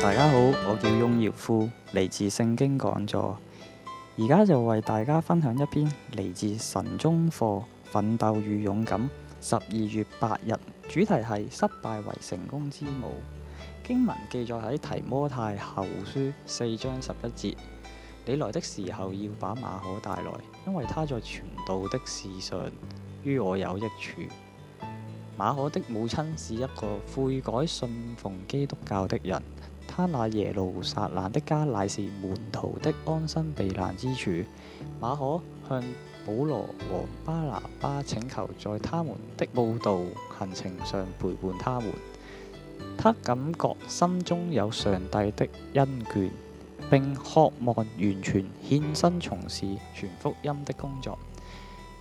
大家好，我叫翁耀夫，嚟自聖經講座。而家就為大家分享一篇嚟自神宗課《奮鬥與勇敢》，十二月八日，主題係失敗為成功之母。經文記載喺提摩太後書四章十一節：你來的時候要把馬可帶來，因為他在傳道的事上於我有益處。馬可的母親是一個悔改信奉基督教的人。巴拿耶路撒冷的家乃是門徒的安身避難之處。馬可向保羅和巴拿巴請求，在他們的佈道行程上陪伴他們。他感覺心中有上帝的恩眷，並渴望完全獻身從事傳福音的工作。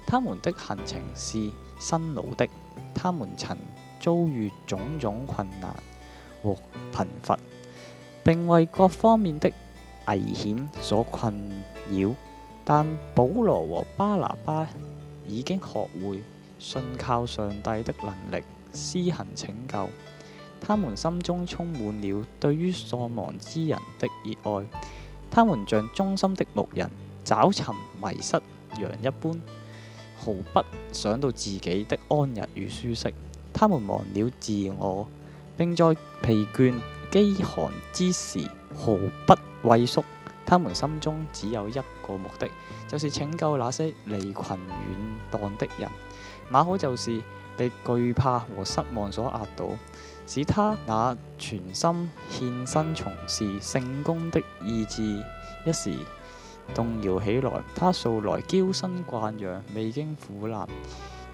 他們的行程是辛勞的，他們曾遭遇種種困難和貧乏。並為各方面的危險所困擾，但保羅和巴拿巴已經學會信靠上帝的能力施行拯救。他們心中充滿了對於喪亡之人的熱愛，他們像忠心的牧人找尋迷失羊一般，毫不想到自己的安逸與舒適。他們忘了自我，並在疲倦、飢寒之時毫不畏縮，他們心中只有一個目的，就是拯救那些離群遠蕩的人。馬可就是被懼怕和失望所壓倒，使他那全心獻身從事聖工的意志一時動搖起來。他素來嬌生慣養，未經苦難，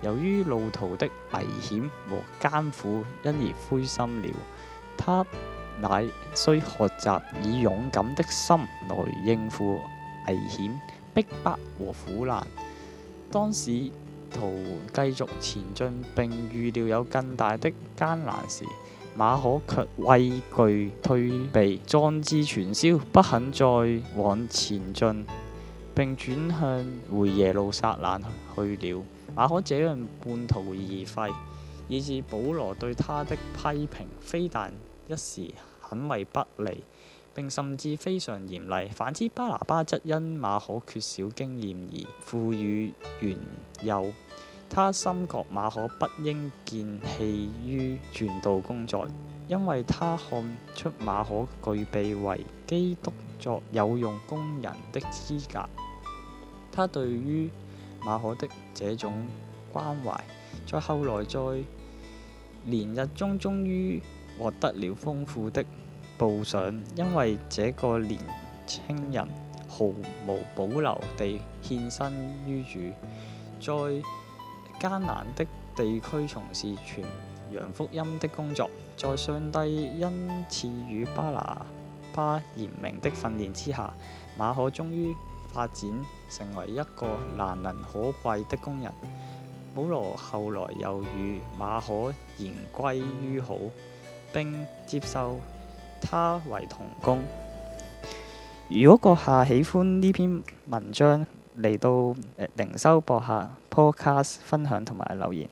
由於路途的危險和艱苦，因而灰心了。他。乃需學習以勇敢的心來應付危險、逼迫和苦難。當使徒繼續前進並預料有更大的艱難時，馬可卻畏懼退避，壯志全消，不肯再往前進，並轉向回耶路撒冷去了。馬可這樣半途而廢，以致保羅對他的批評，非但……一時很為不利，並甚至非常嚴厲。反之，巴拿巴則因馬可缺少經驗而賦予原宥。他深覺馬可不應見棄於傳道工作，因為他看出馬可具備為基督作有用工人的資格。他對於馬可的這種關懷，在後來在連日中，終於獲得了豐富的報賞，因為這個年輕人毫無保留地獻身於主，在艱難的地區從事傳揚福音的工作。在上帝恩賜與巴拿巴嚴明的訓練之下，馬可終於發展成為一個難能可貴的工人。保羅後來又與馬可言歸於好。並接受他為同工。如果閣下喜歡呢篇文章，嚟到誒、呃、靈修播下 Podcast 分享同埋留言。